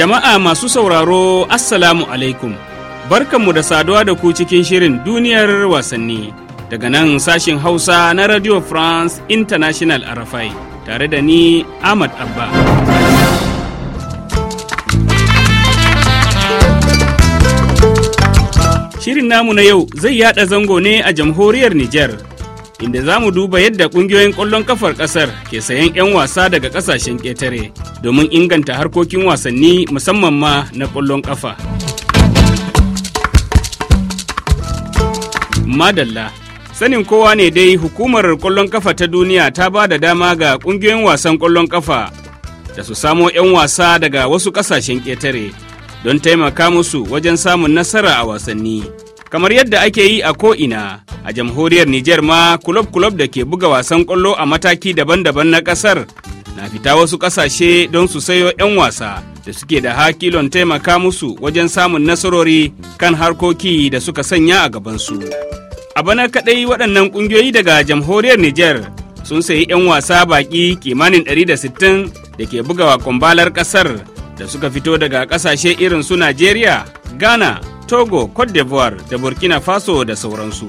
Jama'a masu sauraro Assalamu alaikum, barkanmu da saduwa da ku cikin shirin duniyar wasanni daga nan sashin Hausa na Radio France International Arafai tare da ni Ahmad Abba. Shirin namu na yau zai yada zango ne a jamhuriyar Nijar. inda za mu duba yadda ƙungiyoyin ƙwallon kafar ƙasar ke sayan 'yan wasa daga ƙasashen ƙetare domin inganta harkokin wasanni musamman ma na ƙwallon ƙafa. Madalla Sanin kowa ne dai hukumar ƙwallon ƙafa ta duniya ta ba da dama ga ƙungiyoyin wasan ƙwallon ƙafa da su samo 'yan wasa daga wasu ƙasashen ƙetare don taimaka musu wajen samun nasara a wasanni. kamar yadda ake yi a ko'ina a jamhuriyar Nijar ma kulob-kulob da ke buga wasan ƙwallo a mataki daban-daban na ƙasar na fita wasu ƙasashe don su sayo 'yan wasa da suke da hakilon taimaka musu wajen samun nasarori kan harkoki da suka sanya a gabansu. A bana kaɗai waɗannan ƙungiyoyi daga jamhuriyar Nijar sun sayi 'yan wasa baƙi kimanin 160 da ke bugawa kwambalar ƙasar da suka fito daga ƙasashe irin su Najeriya, Ghana, Togo, Cote d'Ivoire da Burkina Faso da sauransu.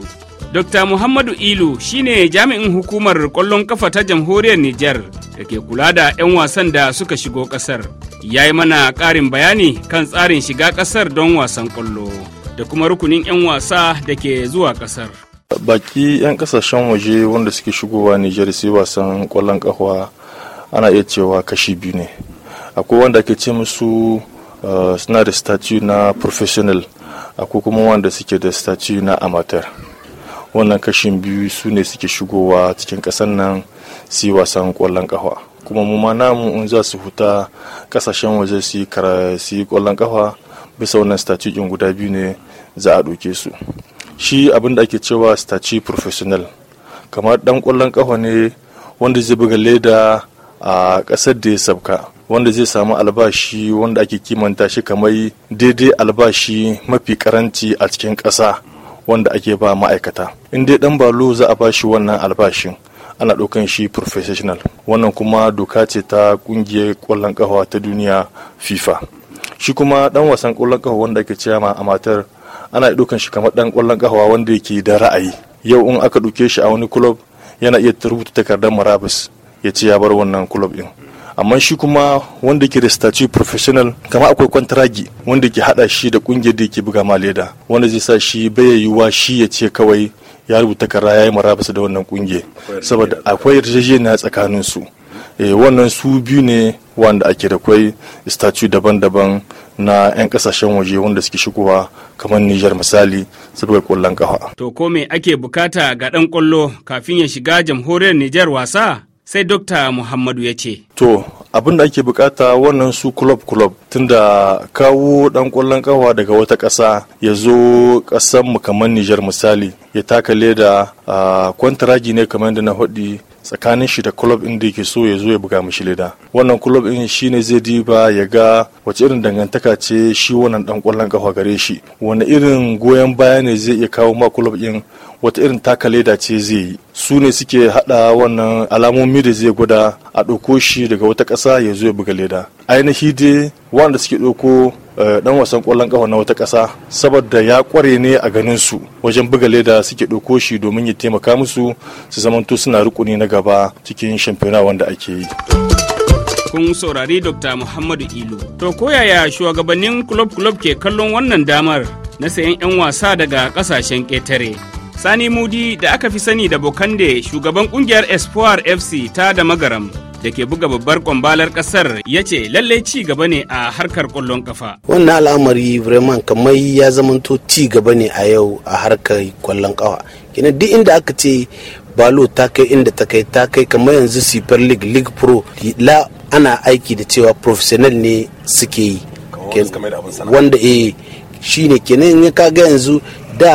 Dr. Muhammadu Ilu shine jami'in hukumar kwallon kafa ta jamhuriyar Nijar da ke kula da 'yan wasan da suka shigo kasar Ya yi mana ƙarin bayani kan tsarin shiga kasar don wasan kwallo da kuma rukunin 'yan wasa da ke zuwa kasar. baki 'yan kasashen waje wanda suke shigowa Nijar sai wasan kwallon kafa ana iya cewa kashi biyu ne akwai wanda ke ce musu eh, suna da na professional akwai kuma wanda suke da statue na amateur wannan kashin biyu su ne suke shigowa cikin kasar nan su yi wasan kwallon kafa kuma mu ma namu in za su huta kasashen waje su yi kwallon ƙafa bisa wannan statue ɗin guda biyu ne za a ɗauke su shi abin da ake cewa statue professional kamar dan kwallon kafa ne wanda zai buga leda a ƙasar da ya sabka wanda zai samu albashi wanda ake kimanta shi kamar daidai albashi mafi karanci a cikin ƙasa wanda ake ba ma'aikata in dai dan balo za a bashi wannan albashin ana ɗaukan shi professional wannan kuma doka ce ta ƙungiyar ƙwallon ƙafa ta duniya fifa shi kuma dan wasan ƙwallon ƙafa wanda ake cewa amatar ana ɗaukan shi kamar dan ƙwallon ƙafa wanda yake da ra'ayi yau in aka ɗauke shi a wani club yana iya rubuta takardar marabus ya ce ya bar wannan club din amma shi kuma wanda ke da statue professional kama akwai kwantaragi wanda ke hada shi da kungiyar da ke buga ma leda wanda zai sa shi baya yiwuwa shi ya ce kawai ya rubuta kara ya yi marabasa da wannan kungiya saboda akwai yarjejeniya tsakanin su eh, wannan su biyu ne wanda ake da kwai statue daban-daban na 'yan kasashen waje wanda suke shigowa kamar Nijar misali saboda kwallon kafa. To ko me ake bukata ga dan kwallo kafin ya shiga jamhuriyar Nijar wasa? sai dokta muhammadu ya ce to abin da ake bukata wannan su kulob-kulob club tunda kawo dan kwallon kawa daga wata kasa ya zo ƙasar mu kamar Nijar misali ya taka leda a kwantaragi ne kamar da na hudi tsakanin shi da club inda yake so ya zo ya buga mishi leda wannan club din ne zai diba ya ga wace irin dangantaka ce shi wannan dan kwallon kafa gare shi wani irin goyon baya ne zai iya kawo ma kulob in. wata irin taka leda ce zai yi su ne suke hada wannan alamomi da zai gwada a ɗauko shi daga wata ƙasa ya zo ya buga leda ainihi dai wanda suke ɗauko dan eh, wasan ƙwallon ƙafa na wata ƙasa saboda ya kware ne a ganin su wajen buga leda suke ɗauko shi domin ya taimaka musu su zamanto suna rukuni na gaba cikin shamfiyona wanda ake yi. kun saurari Dr. Muhammadu Ilu. To koyaya shugabannin kulob-kulob ke kallon wannan damar na sayan 'yan wasa daga kasashen ƙetare. Sani Mudi da aka fi sani da Bokande shugaban kungiyar Espoir FC ta da magaram da ke buga babbar kwambalar kasar ya ce lallai ci gaba ne a harkar kwallon kafa. Wannan al'amari Bremen kamar ya zamanto ci gaba ne a yau a harkar kwallon kafa. Kina duk inda aka ce balo ta kai inda ta kai ta kai kamar yanzu Super League League Pro la ana aiki da cewa professional ne suke yi. Wanda eh shine kenan ka ga yanzu da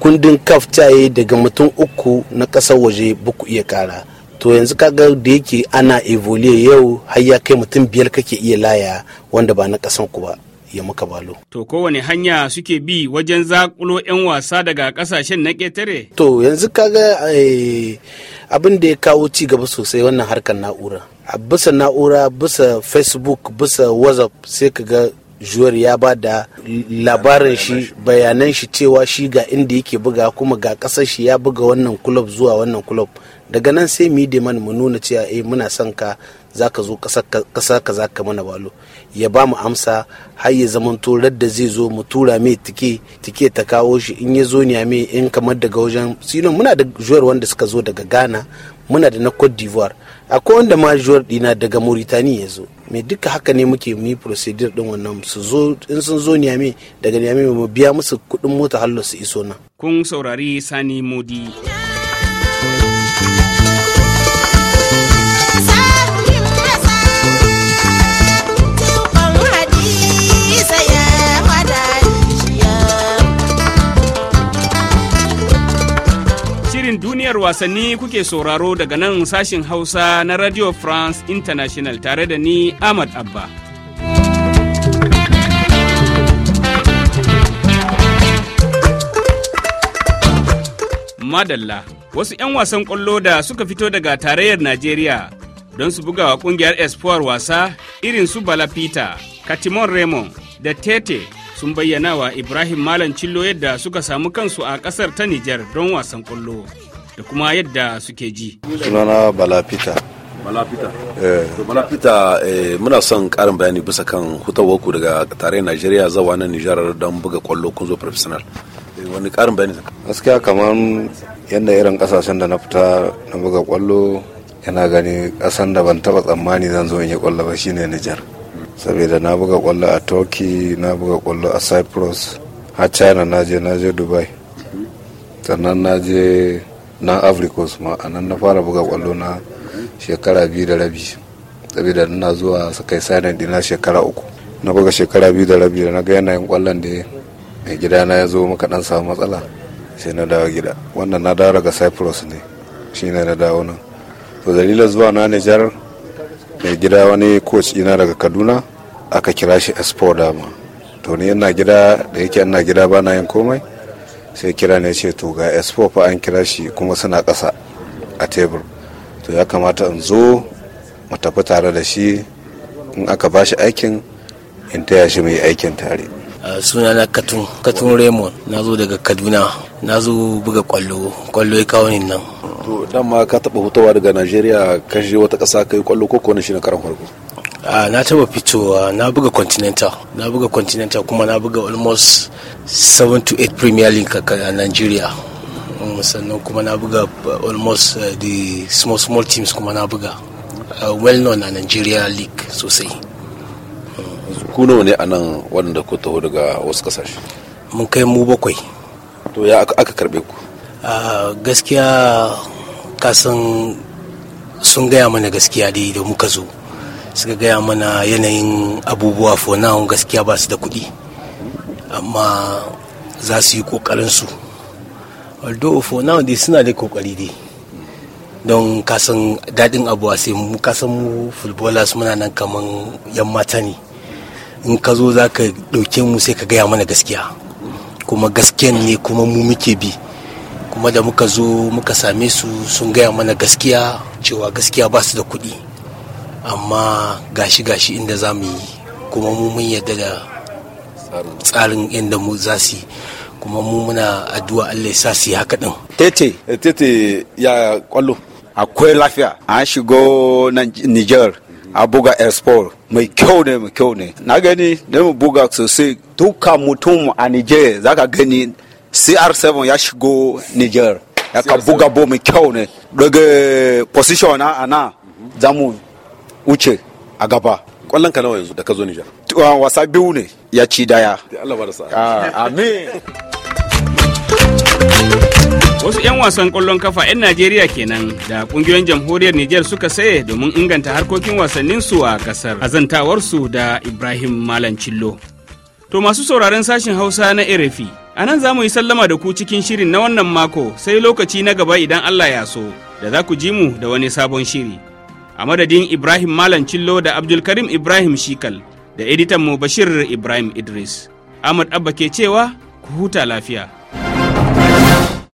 kundin kaf caye daga mutum uku na ƙasar waje buku iya kara to yanzu kaga da yake ana evoliye yau har ya kai mutum biyar kake iya laya wanda ba na ƙasan ku ba ya muka balo. To kowane hanya suke bi wajen zakulo 'yan wasa daga kasashen na ƙetare? To yanzu kaga eh, abin da ya kawo ci gaba sosai wannan harkar na'ura. A bisa na'ura, bisa Facebook, bisa WhatsApp sai kaga. juwar ya ba da labarin shi bayanan shi cewa shi ga inda yake buga kuma ga kasar shi ya buga wannan kulob zuwa wannan kulob daga nan sai mu yi mu nuna cewa eh muna son ka za ka zo kasa ka za ka mana balo ya ba mu amsa har ya zaman turar da zai zo mu tura mai tike tike ta kawo shi in ya zo mai in kamar daga wajen sinon muna da juwar wanda suka zo daga ghana muna da na cote d'ivoire akwai wanda ma juwar dina daga mauritania ya zo me duka haka ne muke mu procedure din wannan su zo in sun zo niyame daga niyame mu biya musu kudin mota hallo su iso nan kun saurari sani modi duniyar wasanni kuke sauraro daga nan sashin Hausa na Radio France International tare da ni Ahmad Abba. Madalla, wasu 'yan wasan kwallo da suka fito daga tarayyar Najeriya don su buga wa ƙungiyar Espoir wasa irin su bala peter Katimon Raymond da Tete sun bayyana wa Ibrahim Malam Cillo yadda suka samu kansu a kasar ta Nijar don wasan ƙwallo. da kuma yadda suke ji. Sunana balapita balapita eh. eh, muna son karin bayani bisa kan hutawarku daga tarayyar Najeriya zawa na Nijar don buga kwallo kun zo professional. Eh, wani karin bayani? Gaskiya kamar yadda irin kasashen da na fita na buga kwallo yana gani kasan da ban taba tsammani zan zo in yi kwallo ba shine Nijar. Saboda na buga kwallo a Turkey, na buga kwallo a Cyprus, har China na je na je Dubai. Mhm. Sannan na je na africos ma a nan na fara buga kwallo na shekara biyu da rabi saboda ina zuwa su kai sanin dina shekara uku na buga shekara biyu da rabi da na ga yanayin kwallon da mai na ya zo maka dan samu matsala sai na dawo gida wannan na dawo daga cyprus ne shi ne na dawo nan to dalilin zuwa na nijar mai gida wani coach ina daga kaduna aka kira shi espo dama to ni ina gida da yake ina gida bana yin komai sai kira ne ce to ga expo fa an kira shi kuma suna ƙasa a tebur to ya kamata in zo mu tafi tare da shi in aka ba shi aikin in taya shi mai aikin tare suna na katun katun raymond na zo daga kaduna na zo buga kwallo kwallo ya kawo nan to dan ma ka taba hutawa daga najeriya ka je wata ƙasa kai kwallo ko ko shi na karan farko Ah, na taba fitowa na buga continental na buga continental kuma na buga almost 7 to 8 premier league a nigeria mm, sannan kuma na buga uh, almost uh, the small small teams kuma na buga uh, well known a nigeria league sosai mm. ku nawa ne a nan waɗanda ku taho daga wasu kasashe mun kai mu bakwai to ya aka karbe ku ah, gaskiya kasan sun gaya mana gaskiya dai da muka zo suka gaya mana yanayin abubuwa for gaskiya ba su da kuɗi amma za su yi ƙoƙarinsu although for now dai suna da ƙoƙari dai don kasan daɗin abu a sai mu kasan mu footballers muna nan kaman yan mata ne in ka zo za ka ɗauke mu sai ka gaya mana gaskiya kuma gaskiyan ne kuma mu muke bi kuma da muka zo muka same su sun gaya mana gaskiya cewa gaskiya ba su da kuɗi amma gashi-gashi inda za mu yi kuma mu mun yadda da tsarin inda mu za su yi kuma mu muna addu'a Allah ya sa su yi haka din. Tete, eh, tete ya kwallo. Akwai lafiya, an shigo Niger, a buga airspor mai kyau ne mai kyau ne. Na gani da mu buga sosai duka mutum a Niger za ka gani CR7 ya shigo Niger. Ya ka buga bo mai kyau ne. Daga position na ana zamu wuce a gaba kwallon ka nawa yanzu da ka zo Nijar ah, wasa biyu ne ya ci daya Allah ba da sa ah, amin Wasu 'yan wasan kwallon kafa 'yan Najeriya kenan da kungiyoyin jamhuriyar Nijar suka saye domin inganta harkokin wasannin su a kasar azantawarsu da Ibrahim Malam Cillo. To masu sauraron sashin Hausa na Erefi, a nan za mu yi sallama da ku cikin shirin na wannan mako sai lokaci na gaba idan Allah ya so, da za ku ji mu da wani sabon shiri. a madadin ibrahim malam cillo da abdulkarim ibrahim shikal da editan mu bashir ibrahim idris ahmad abba ke cewa ku huta lafiya